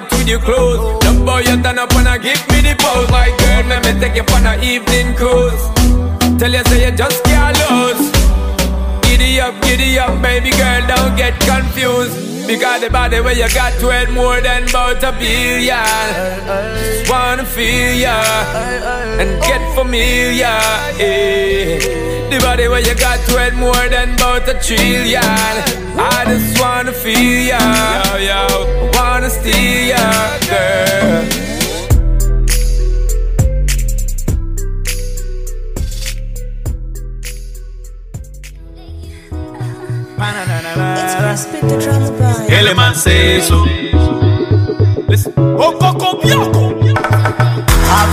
with your clothes. The boy you turn up and I give me the pose. My girl, let me take you for an evening cruise. Tell you say you just can't lose. Giddy up, giddy up, baby girl, don't get confused. Because the body where you got to it more than about a billion. Just wanna feel ya and get familiar. Eh. The body where you got to it more than about a trillion. I just wanna feel ya, I wanna steal ya, girl. Have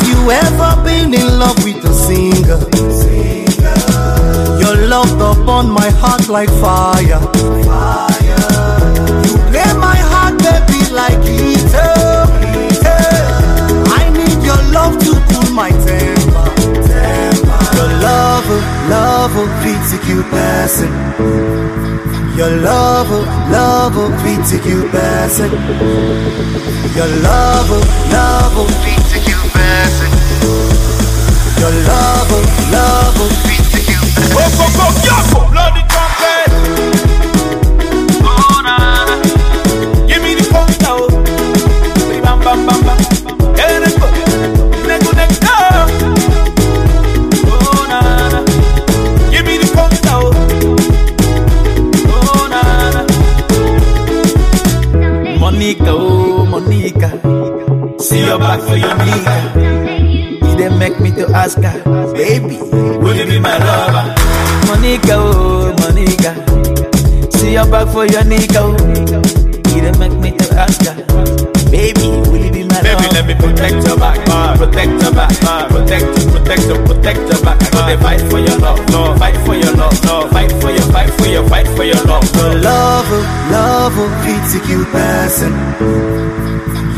you ever been in love with a singer? singer. Your love upon my heart like fire. fire. lover beats you passing. Your lover, lover beats you passing. Your lover, lover beats you passing. Your lover, lover beats you passing. Go, Monica, oh Monica. See your back for your nigga. You didn't make me to ask her, baby, will you be my lover? Monica, oh Monica. See your back for your nigga. Oh. You didn't make me to ask her, baby, will you be Baby, let me protect your back, protect your back, protect, protect, protect your back. I know they fight for your love, love, fight for your love, love, fight for your, fight for your, fight for your love. Your love, love, pizza you passing.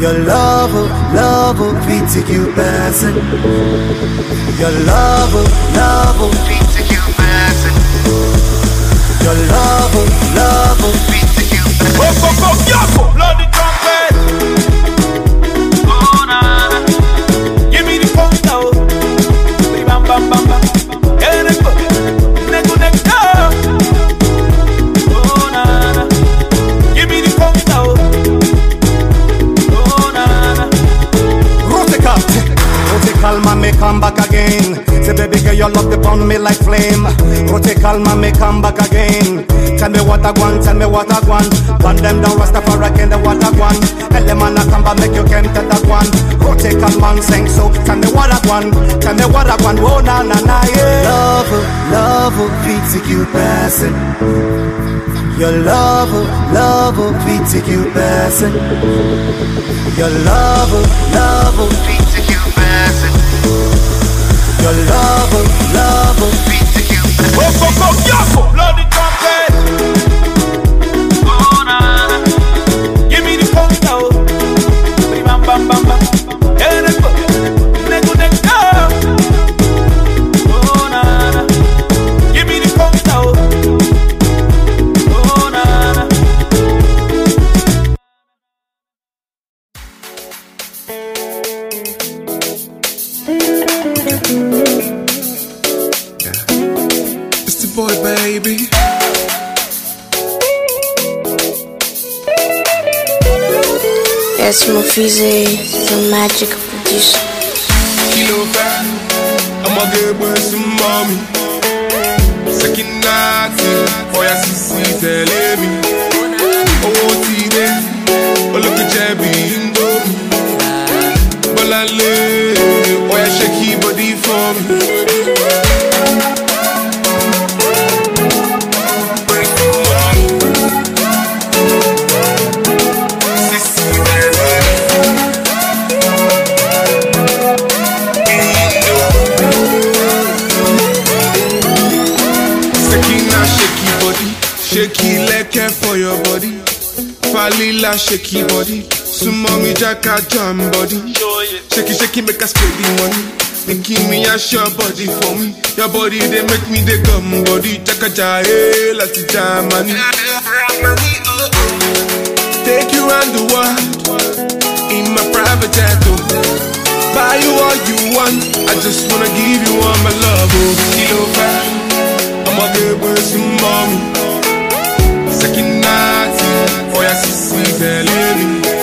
Your love, love, pizza you passing. Your love, love, pizza you passing. Your love, love, pizza you passing. Oh, oh, oh, yeah. back again. Say, baby girl, your love upon me like flame. Rotate calm and me come back again. Tell me what I want, tell me what I want. Burn them down, Rastafari, can the what I want. Tell them I come back, make you came to that one. Rotate calm sing so. Tell me what I want, tell me what I want. Oh, na na na, yeah. Love, love, beat to you passing. Your love, love, beat to you passing. Your love, love, beat to you passing. Your love, love, beat to you. Go, go, go, a jam body. Shake it, shake it, make a spray the money. Making me a sure body for me. Your body, they make me the gum body. Chaka ja, hey, like money. Take you around the world in my private jet. Oh. Buy you all you want. I just wanna give you all my love. Oh, kilo five. I'm going to a good person, mommy. Second night, oh, yeah, see, see,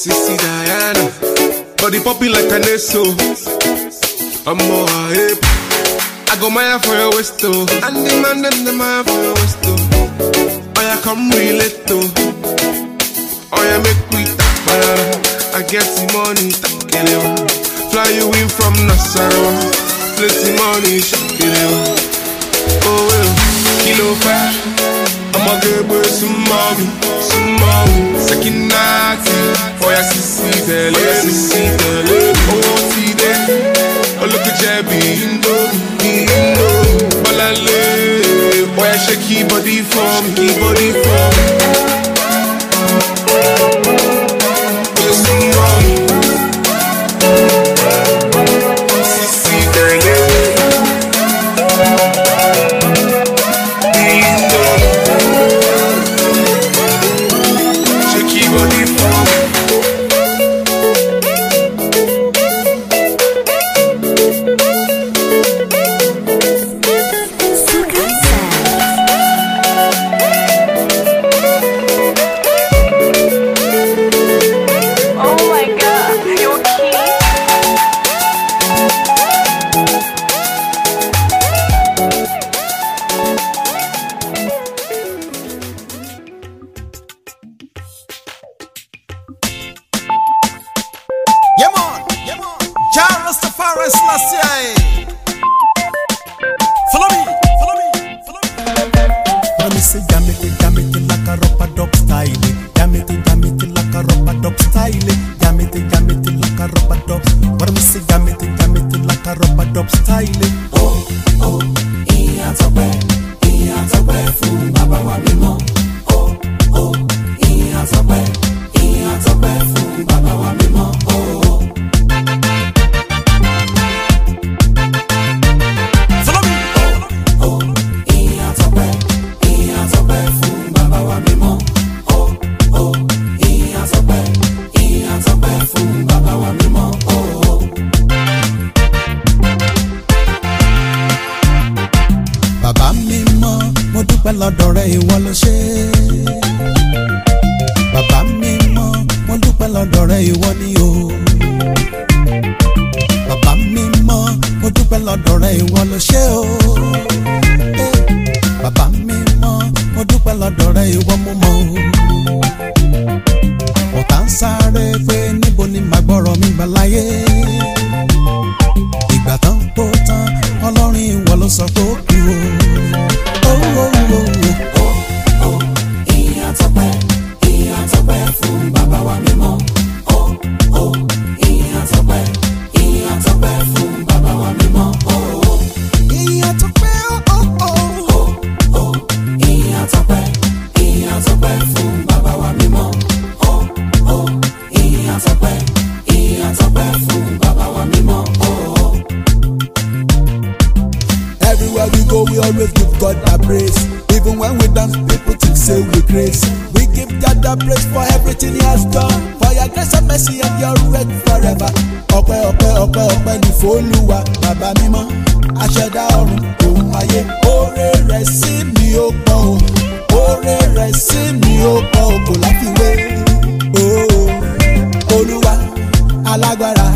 Sissy Diana, body poppy like an eso. I'm more hype. I go my for your waist too, oh. and the man them the man for your waist too. Oh yeah, come relate too. Oh yeah, make me talk banana. I get the money, talk it Fly you in from Nassau, plenty money, shop it Oh well, kilo five ọmọ gbẹgbẹ súnmọ́ mi súnmọ́ mi sẹ́kínáàtì ọ̀yà sísí tẹ̀lé sísí tẹ̀lé owó ti dé olókèjẹ bí indo bí indo bọ́lá lé ọ̀yà body kí bọ́dí fọ́ mi kí say jam it, la it style. la carropa style. la carropa Ahora me say jam it, la carropa like style. Oh, oh, y a behavior red forever ọpẹ́ ọpẹ́ ọpẹ́ ọpẹ́ ní fólúwa bàbá mímọ́ aṣẹ̀dá ọ̀run òun ayé oore rẹ̀ sí mi ó pọ̀ o oore rẹ̀ sí mi ó pọ̀ o kò láfiwé o olúwa alágbára.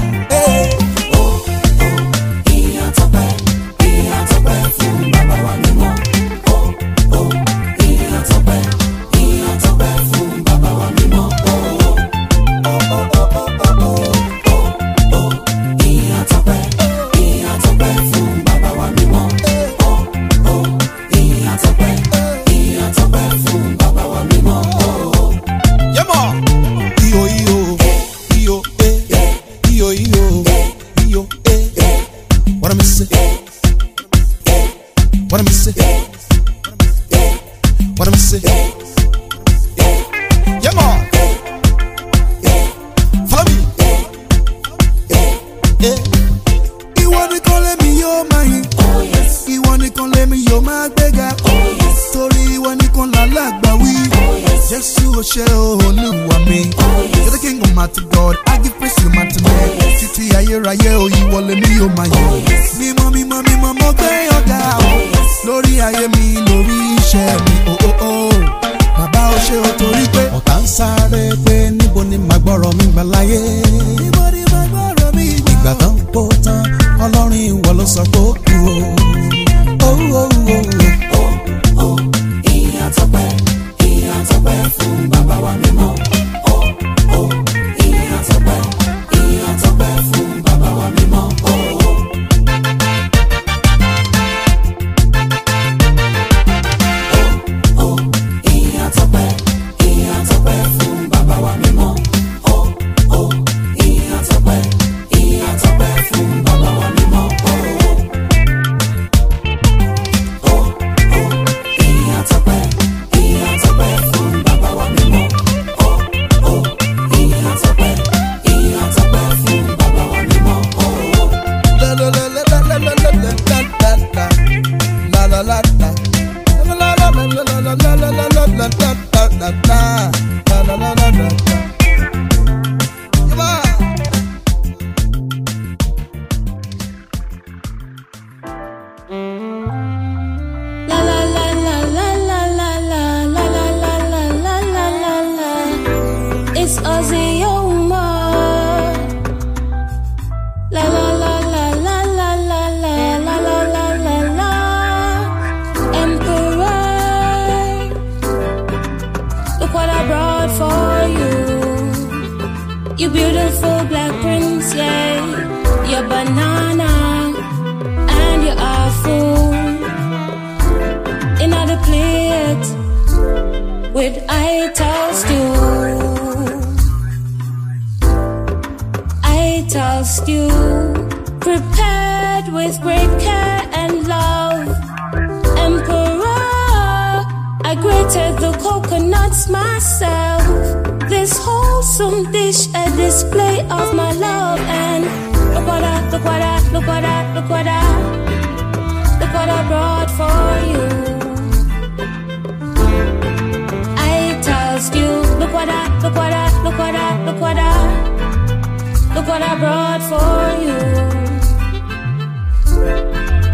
Look what I brought for you.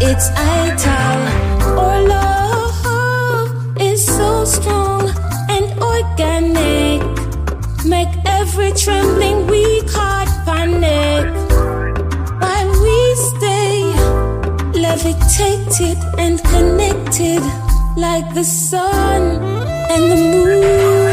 It's ital or love is so strong and organic. Make every trembling weak heart panic. While we stay levitated and connected like the sun and the moon.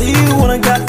see you when I got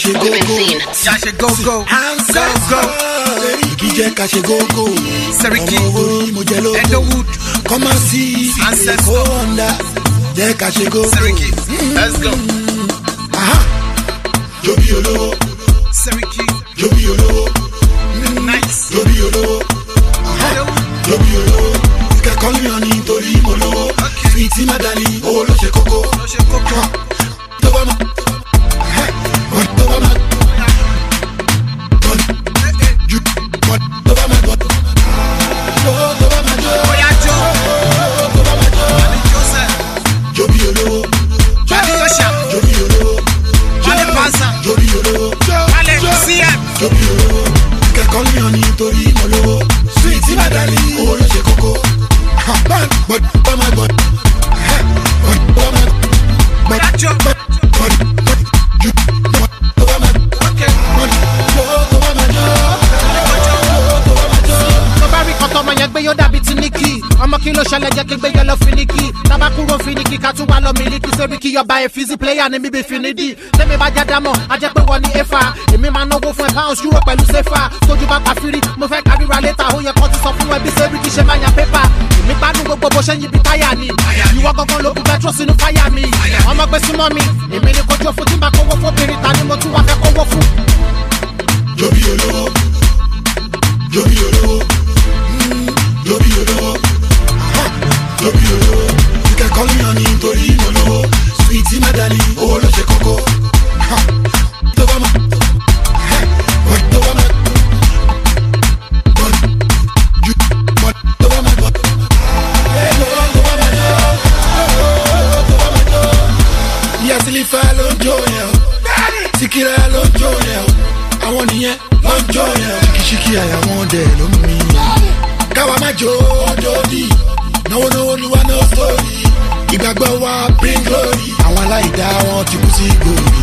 ṣe gógó. Yà ṣe gógó. go. Sẹ́ríkì jẹ́ ká go. gógó. Sẹ́ríkì. Ọmọ orí mo jẹ lógo. Edowood. Kọ́má sí Èkó Honda. Jẹ́ ká ṣe gógó. Sẹ́ríkì. Let's go. Aha, Jobi olówó. Sẹ́ríkì. Jobi olówó. ọmọ kí ló ṣẹlẹ̀ jẹ́ kí gbé yẹ finiki tábà kúrò finiki ká tún wá lọ miliki sórí kí yọba ẹ̀ fizi pléyà ní bíbí finidi tẹ́mi bá já dámọ̀ ajẹ́ pé wọ́n ní efa èmi máa náwó fún ẹ pounds euro pẹ̀lú sefa tójú bá pa firi mo fẹ́ kárìíra létà ó yẹ kó ti sọ fún ẹ bí sẹ́rí kí ṣe máa yan pépà èmi gbádùn gbogbo bó ṣe yin bí táyà ni ìwọ gangan ló bu petro sínú fáyà mi ọmọ gbé súnmọ́ mi èmi ni kojú òfin tí màá kówó fún obìnrin ta ni mo tún wá fẹ́ kówó fún. yobi olówó yobi olówó. ló bí olówó títẹ kọ́míyàn ní nítorí ìmọ̀ lówó suwiti mẹ́ta ní owó ló ṣe kókó. tó bá mọ̀ tó bá mọ̀. Yasilifa ló ń jó yẹn o, Sikira ló ń jó yẹn o àwọn nìyẹn lọ́jọ́ yẹn. ṣíkíṣíkí àyà wọn dẹ̀ ló mú mi yẹn. káwa má jó ọjọ́ náwó náwó ni wá náà sórí ìgbàgbọ́ wa bring glory àwọn aláìdá wọn ti kú sí gbòòrì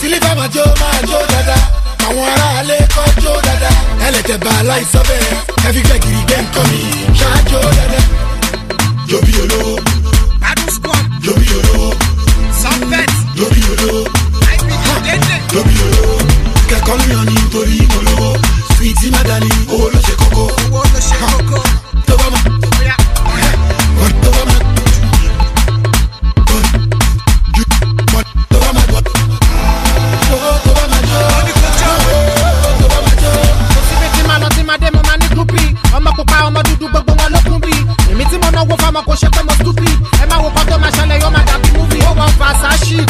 sílífà máa jó máa jó dáadáa àwọn aráalé kọ́ jó dáadáa ẹlẹ́tẹ̀ bá aláìsọ bẹ́ẹ̀ kẹfí gbẹ̀gìrì gbẹ̀ ń kọ́ mi ṣáájó dáadáa yóbi olówó yóbi olówó yóbi olówó yóbi olówó kẹ́kọ̀ọ́ ń yan nítorí ìmọ̀lówó suwiti madani owó ló ṣe kókó tó bá ma.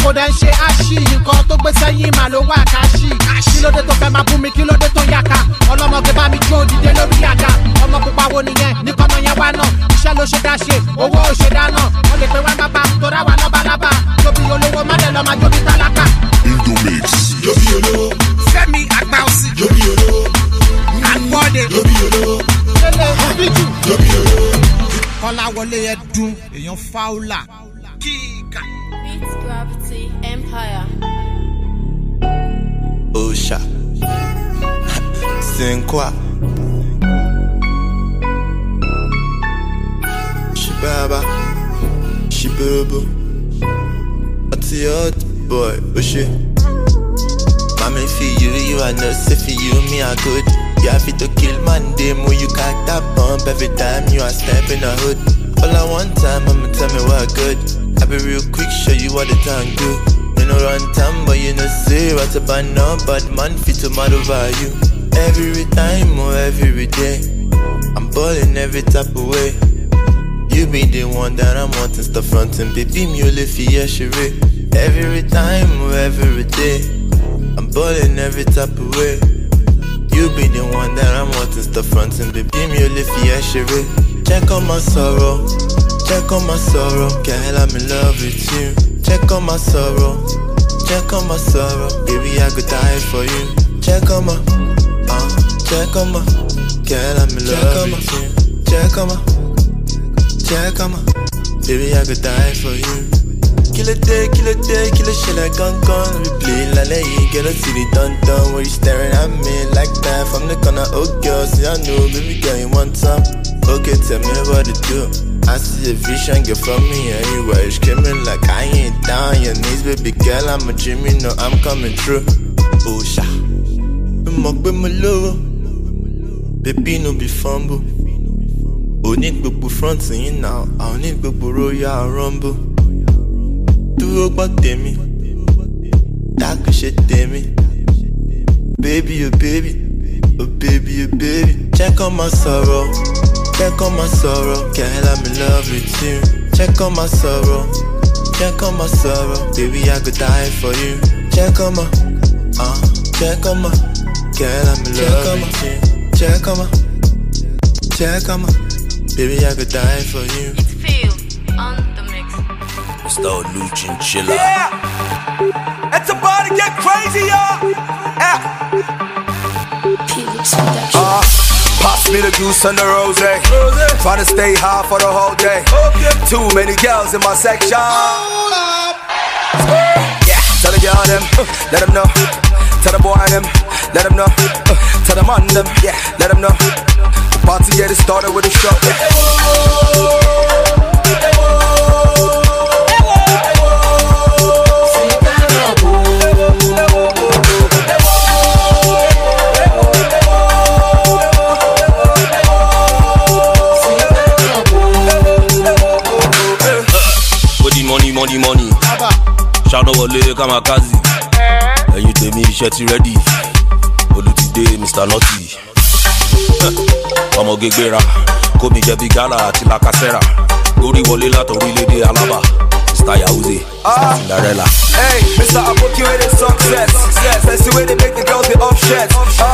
kò dẹ̀ ń ṣe àṣì nǹkan tó gbé sẹ́yìn mà ló wà káṣì kí ló tó fẹ́ máa bú mi kí ló dé tó yàkà ọlọ́mọge bá mi jó dìde lórí àga ọmọ pupa wo nìyẹn nìkan náà yẹn wá náà iṣẹ́ ló ṣe dá ṣe owó ò ṣe dá wọ́n lè pe wá bàbá torá wa lọ́balaba jóbi olówó má lẹ̀ lọ́ máa jóbi tálákà. indomix. jóbi olówó. fẹ́mi àgbà òsì. jóbi olówó. àgbọ̀dẹ. jóbi olówó. tẹ́lẹ̀ bíjù. jóbi olówó. kọ́lá wọlé ẹdun èèyàn fáwọlà kí. Higher. Osha, C'est quoi? Shibaba. Shibubu. Hotty hot boy. Oshé. Mommy for you, you are not safe for you, me are good. You have to kill Monday, damn, you cock that bump every time you are stepping a hood. All I want time, I'ma tell me what good. I be real quick, show you what the time do no run time, but you no say what about no bad man fit to mad over you. Every time or oh, every day, I'm balling every type of way. You be the one that I'm wanting, stop fronting, baby, mule if you yesterday. Every time or oh, every day, I'm balling every type of way. You be the one that I'm wanting, stop fronting, baby, mule if you yesterday. Check on my sorrow, check on my sorrow, girl, I'm in love with you. Check on my sorrow. Check on my sorrow, baby, I could die for you. Check on my, uh, check on my, girl, I'm in love on with you. Check on my, check on my, baby, I could die for you. Kill a day, kill a day, kill a shit like gun gun. Replay la la, get a city dun dun. Where you staring at me like that from the corner? Oh girl, see I know, baby girl, you want some. Okay, tell me what to do. I see a vision, get from me anyway. It's coming like I ain't down your knees, baby girl. I'm a Jimmy, know I'm coming through. Oh, sha. Mo gbe mo lówó, bébí no be fumble. need to put front yín náà, a ò ní gbogbo royal rumble. Dúró gbọ́ me, dákú ṣe tèmi. Baby, oh baby, oh baby, oh baby, check on my sorrow. Check on my sorrow, girl, I'm in love with you. Check on my sorrow, check on my sorrow, baby, I could die for you. Check on my, uh, check on my, girl, I'm in check love with you. Check on my, check on my, baby, I could die for you. It's feel on the mix. It's the new Yeah, it's about to get crazy, y'all. Me the juice and the rose. Try to stay high for the whole day. Too many girls in my section. Yeah. Tell the girl them, let them know. Tell the boy them, let them know. Tell the man them, yeah, let them know. Party get it started with a show. Yeah. the money. ṣáná wọlé kamakazi ẹ̀yin tèmi iṣẹ́ ti rẹ́dì olùtìdé mr nutty ọmọ gègbèrà kómi jẹbi gala àti lakasera lórí wọlé látọ̀rílẹ̀dẹ̀ alaba mr yahuze mr cinderella. Hey, Mr. Aboki wey dey success, success. person wey dey make the girls dey off shirt. Uh.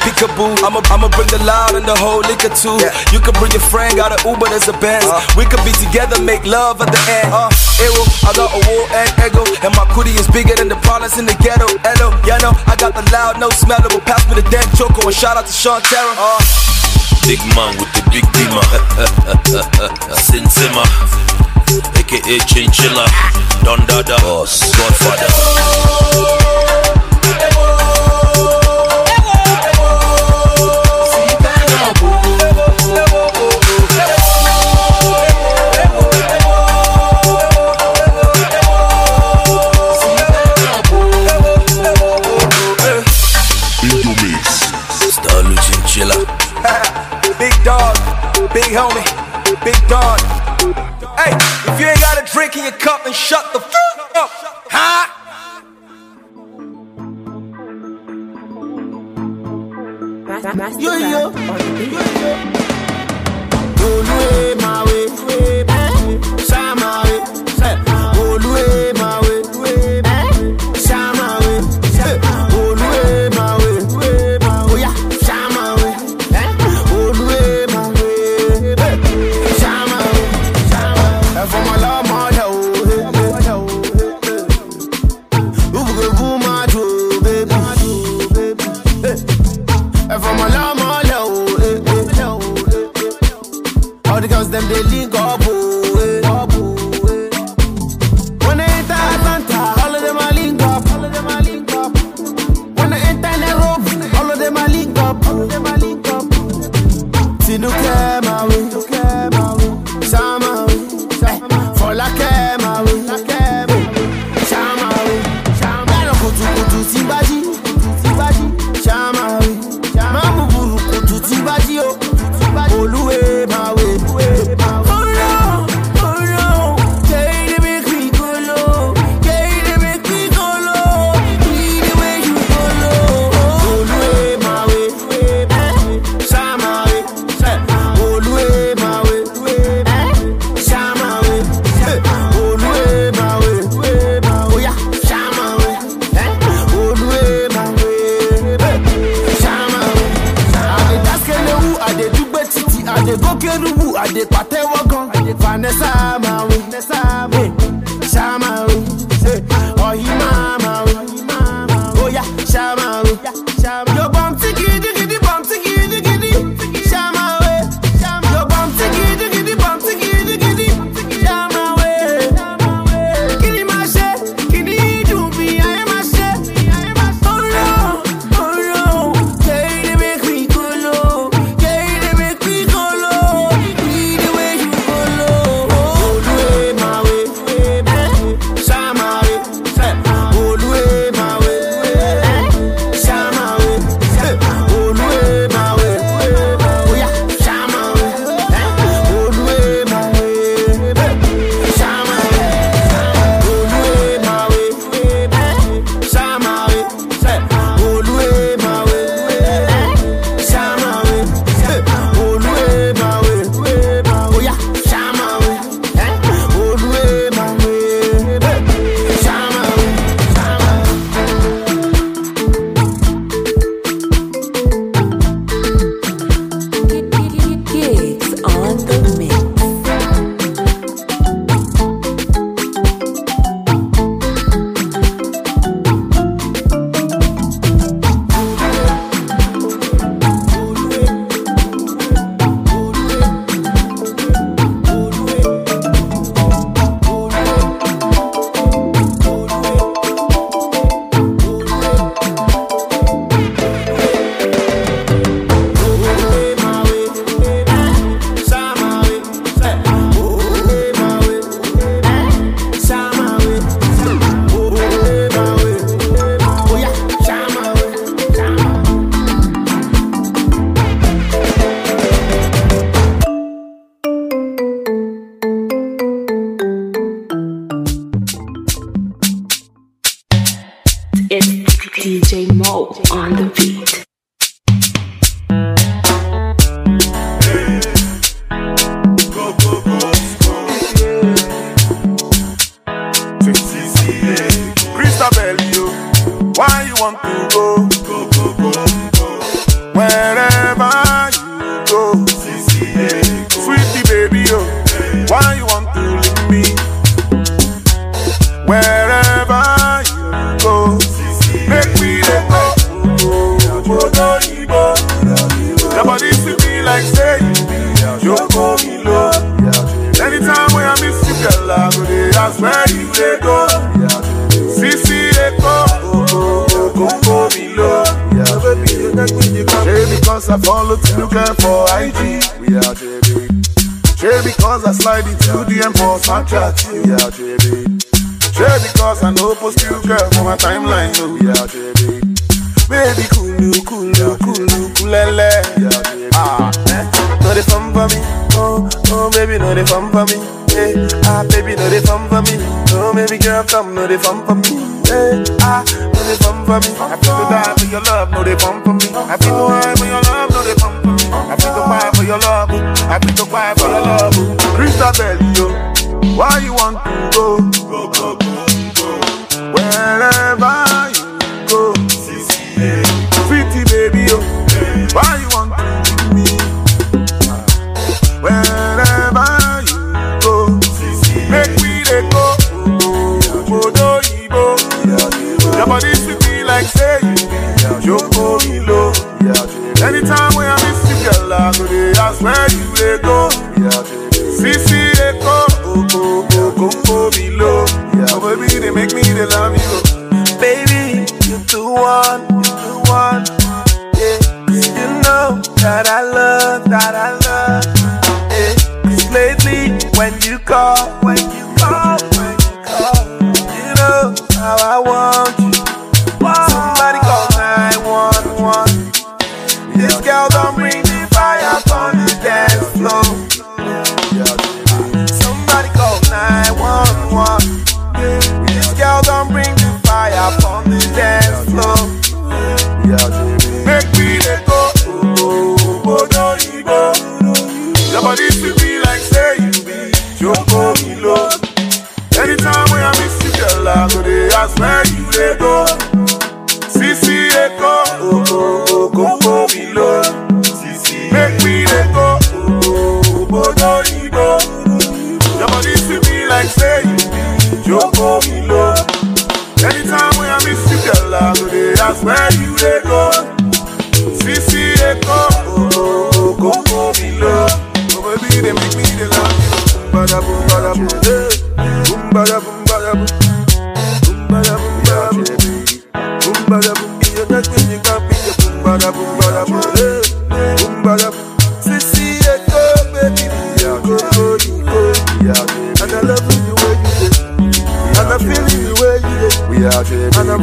peekaboo. I'ma I'ma bring the loud and the whole liquor too. Yeah. You can bring your friend, got an Uber, there's a Benz. Uh. We could be together, make love at the end. Uh, uh-huh. Eero, I got a war and ego, and my cootie is bigger than the problems in the ghetto. Hello, yeah, no, I got the loud, no smellable. Pass me the damn choco, and shout out to Sean Terra. Uh. Uh-huh. Big man with the big beamer, Sin Zimmer, aka Chinchilla, Don Dada, Godfather.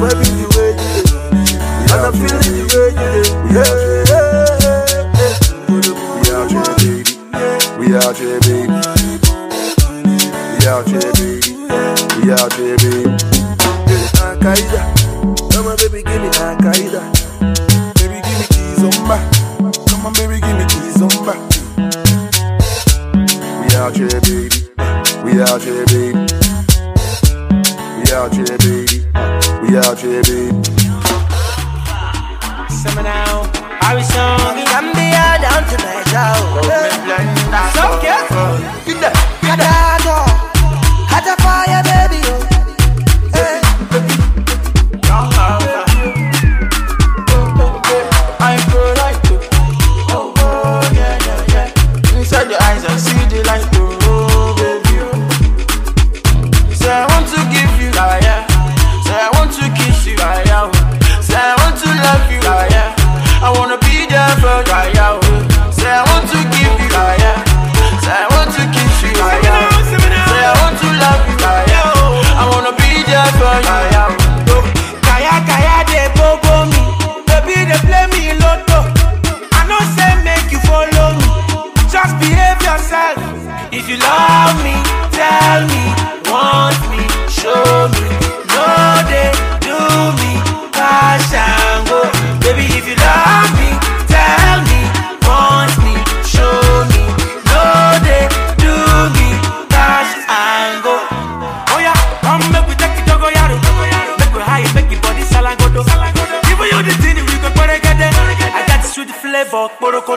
every bok, bok,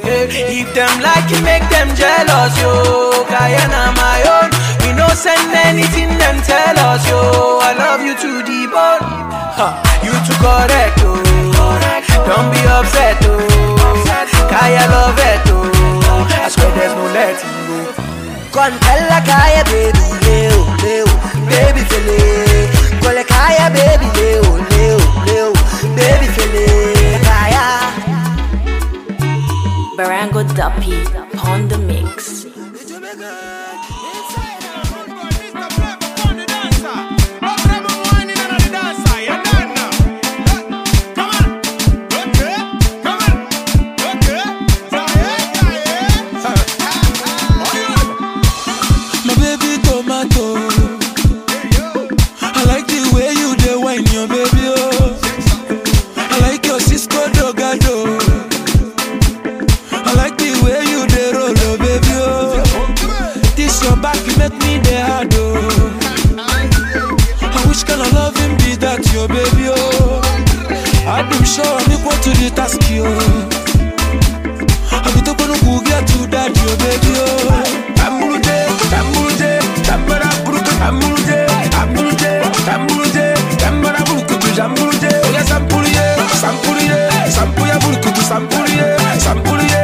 If them like you, make them jealous, yo. Guyana, my own. We no send anything, them tell us, yo. I love you to the bone. Ha, you too correct, yo. Don't be upset, yo. Kaya love it, yo. I swear there's no letting go. Con tell Kaya, baby, leo, leo, baby, fele. Call Kaya, baby, leo, leo, leo, baby, fele. Barango Duppy, upon the Mix. your baby, oh. I do sure I'm equal to the task, yo. I'm the one who get to that, your baby, oh. Tambulde, tambulde, tambara buruku, tambulde, tambulde, tambulde, tambara buruku, tambulde. Oya sampuliye, sampuliye, sampuya buruku, sampuliye, sampuliye.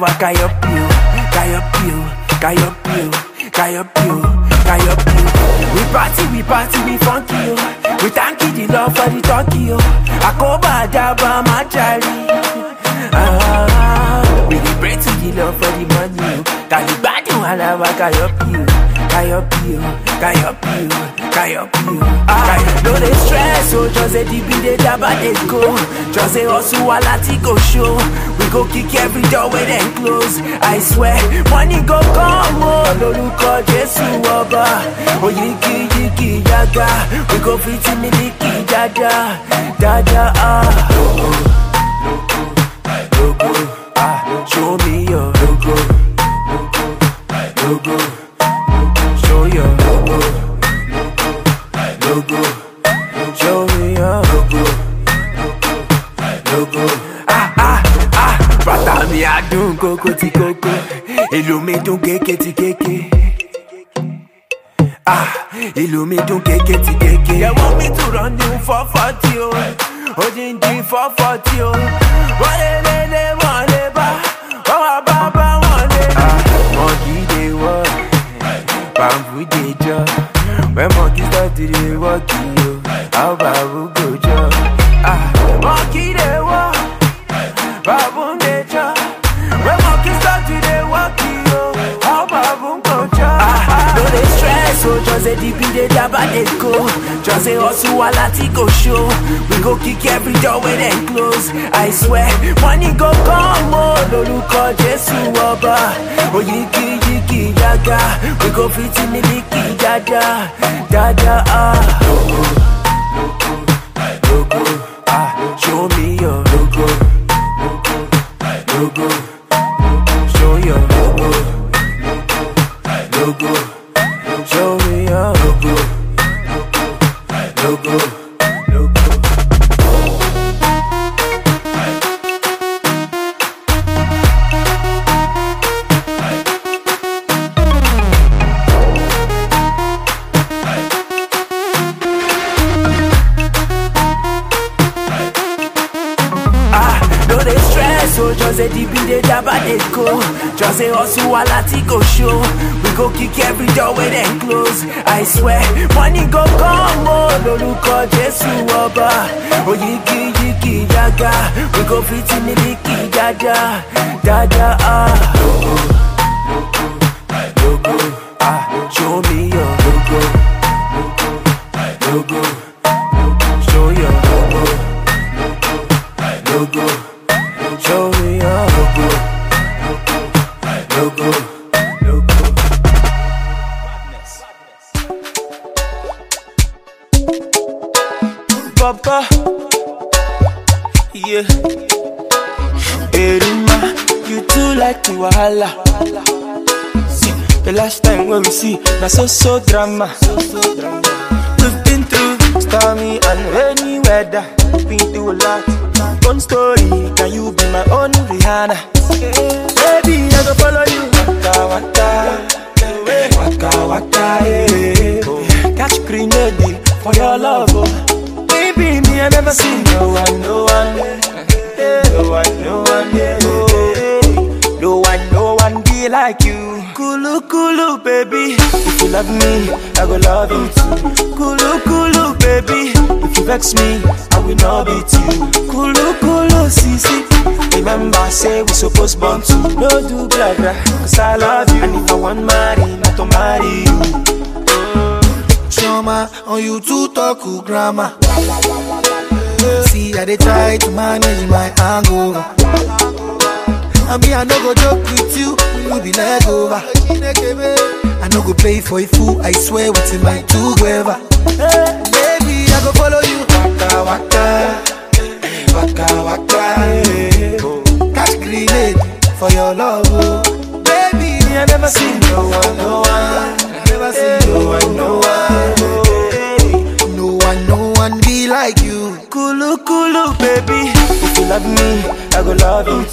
love I got up you, got up you, got up you, got up you, got up you. We party, we party, we funky yo. Oh. We thank you the love for the turkey yo. Oh. Akoba daba machari. Ah, we dey pray to the love for the money yo. Got the body I love I got up you, got up you, got up you, got up you. Ah, no dey stress o, oh. just dey db dey daba dey go. Just dey hustle wala ti go show. go kick every door when they close I swear, money go come on Jesus' Jésù Oh Oyinki yinki yaga We go fit miliki dada Dada ah oh, oh. kókó ti kókó ìlú mi dún kéke ti kéke. Ah, ìlú mi dún kéke ti kéke. Ìyàwó mi tún rán ní four forty o, oh. òjijì four forty o. Oh. Wọ́n lé lé lé wọ́n lé bá, wọ́n wá bá bá wọ́n lé. Monkey dey work, bamboo dey jump, when monkey start to dey work, yo, how bamboo go? Jose DB, the Daba, they go. Jose Osu, Alati, go show. We go kick every door when they close. I swear, money go come, oh, Loluko, Jesu, Oba. Oh, Yiki, Yiki, Yaga. We go fit in the Liki, Dada, Dada, ah. Loco, Loco, Loco. Just say, hustle while I go show. We go kick every door where they close. I swear, money go come on. No look at Jesus Oba. Oh yiki yiki yaga. We go fit in the yiki dada dada ah. Logo, logo, logo. like wahala see, The last time when we see, that's so so drama We've been through stormy and rainy weather Been through a lot, one story Can you be my own Rihanna? Baby, I go follow you Waka waka, waka waka, eh oh. green lady for your love, oh Baby, me I never see no one, no one, yeah, no one, no one, yeah, like you. Kulu kulu, baby. If you love me, I will love you too. Kulu kulu, baby. If you vex me, I will not be you. Kulu kulu, sisi. Remember, say we supposed born to. No do blah blah, cause I love you. And if I want marry, not to marry you. Trauma on you to talk grammar. See, I they try to manage my anger. And me, I no go joke with you. We be leg over. I no go play for a fool. I swear what's in my two Hey, Baby, I go follow you. Waka waka, waka waka. Eh. Cash grenade for your love. Oh. Baby, I never seen no one, no one. I never see eh. no one, no one. Eh. No one, no one be like you. Kulu kulu, baby. If you love me. I go love it.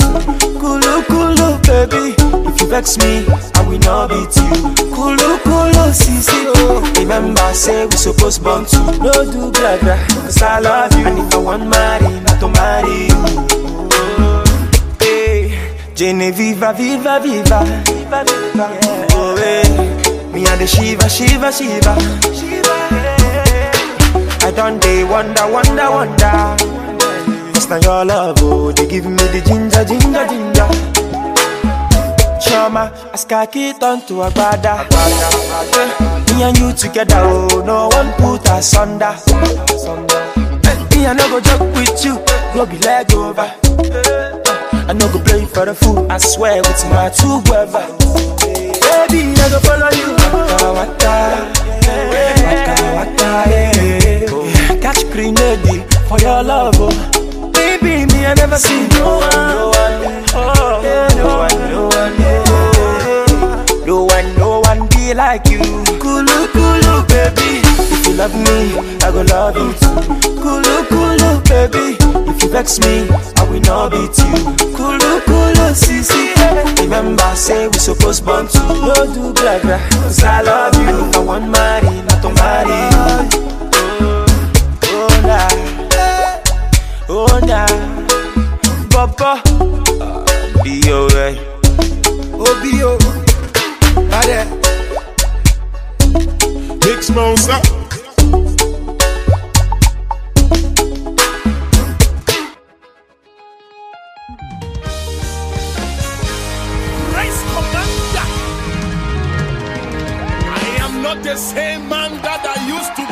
Kulu kulu, baby. If you vex me, I will not beat you. Kulu kulu, sisi. Oh. Remember, say we supposed born to no do blah blah. Cause I love you, and if I want marry, not to marry you. Hey, Genevieve, viva, viva, viva. Oh, hey. Me and the Shiva, Shiva, Shiva. I don't done day wonder, wonder, wonder. Thanks your love, oh, they give me the ginger, ginger, ginger. Chama, Askaki turn to a brother. Me and you together, oh, no one put us under. Me and I go joke with you, go be leg over. I no go play for the fool, I swear it's my two brother. Baby, I go follow you. Waka waka, yeah. Catch green lady for your love, oh. I never seen no one. No one, no one, no one, no one, no one be like you. Kulu kulu baby, if you love me, I go love you too. Kulu kulu baby, if you vex me, I will not beat you. Kulu kulu sisi, remember say we supposed born to no do blah blah. Cause I love you, I want marry, not to marry. Oh, oh, nah. oh nah papa. Uh, be alright. Oh, be alright. Bad Big smells up. the same man that I used to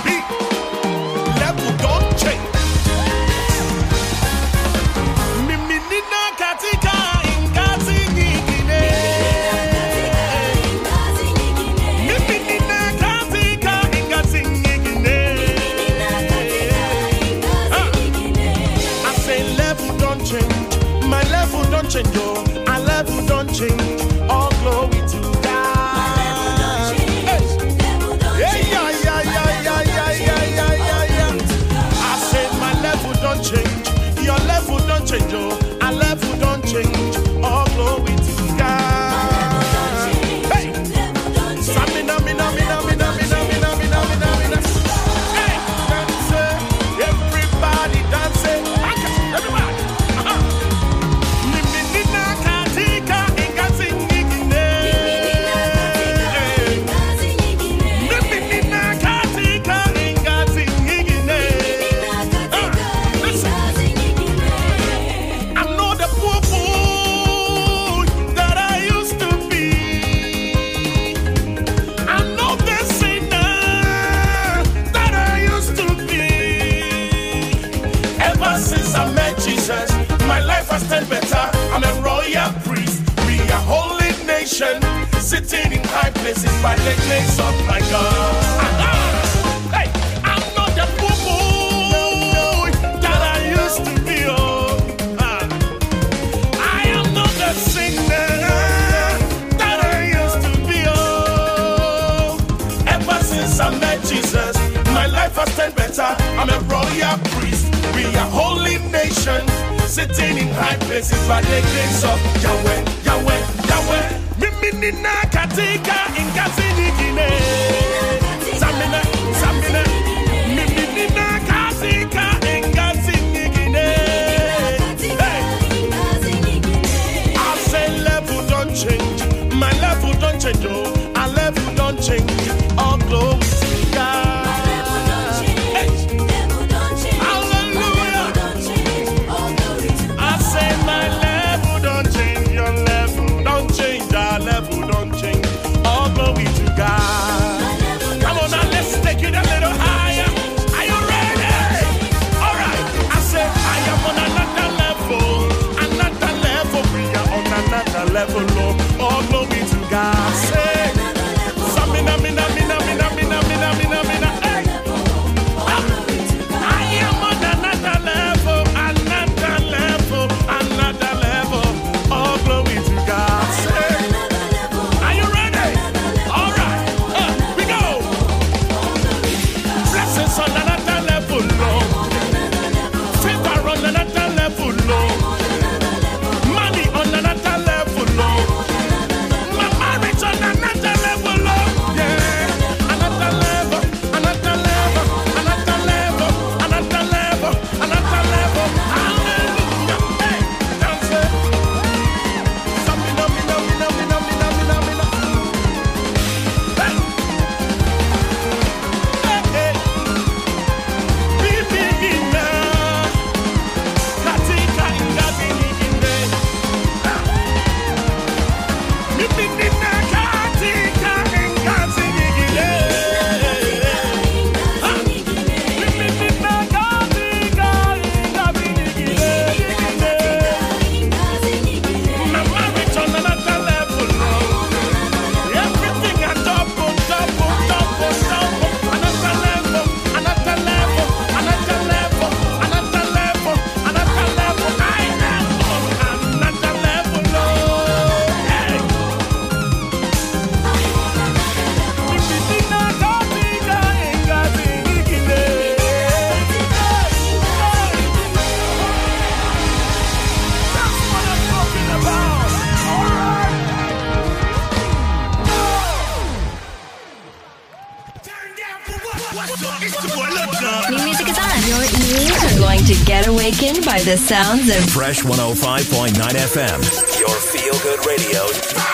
The sounds of Fresh 105.9 FM, your feel good radio.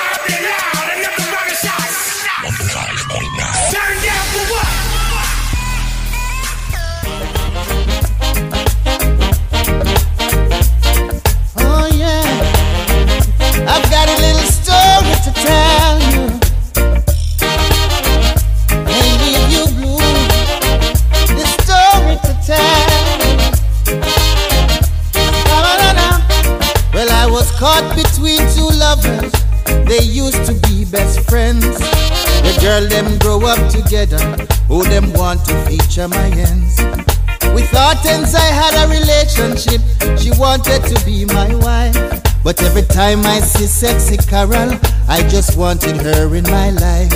since I had a relationship, she wanted to be my wife. But every time I see sexy Carol, I just wanted her in my life.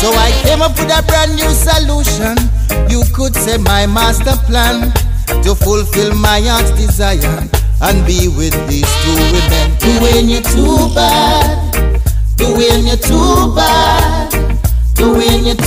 So I came up with a brand new solution. You could say my master plan to fulfill my heart's desire and be with these two women. Doing you too bad, doing you too bad, doing you too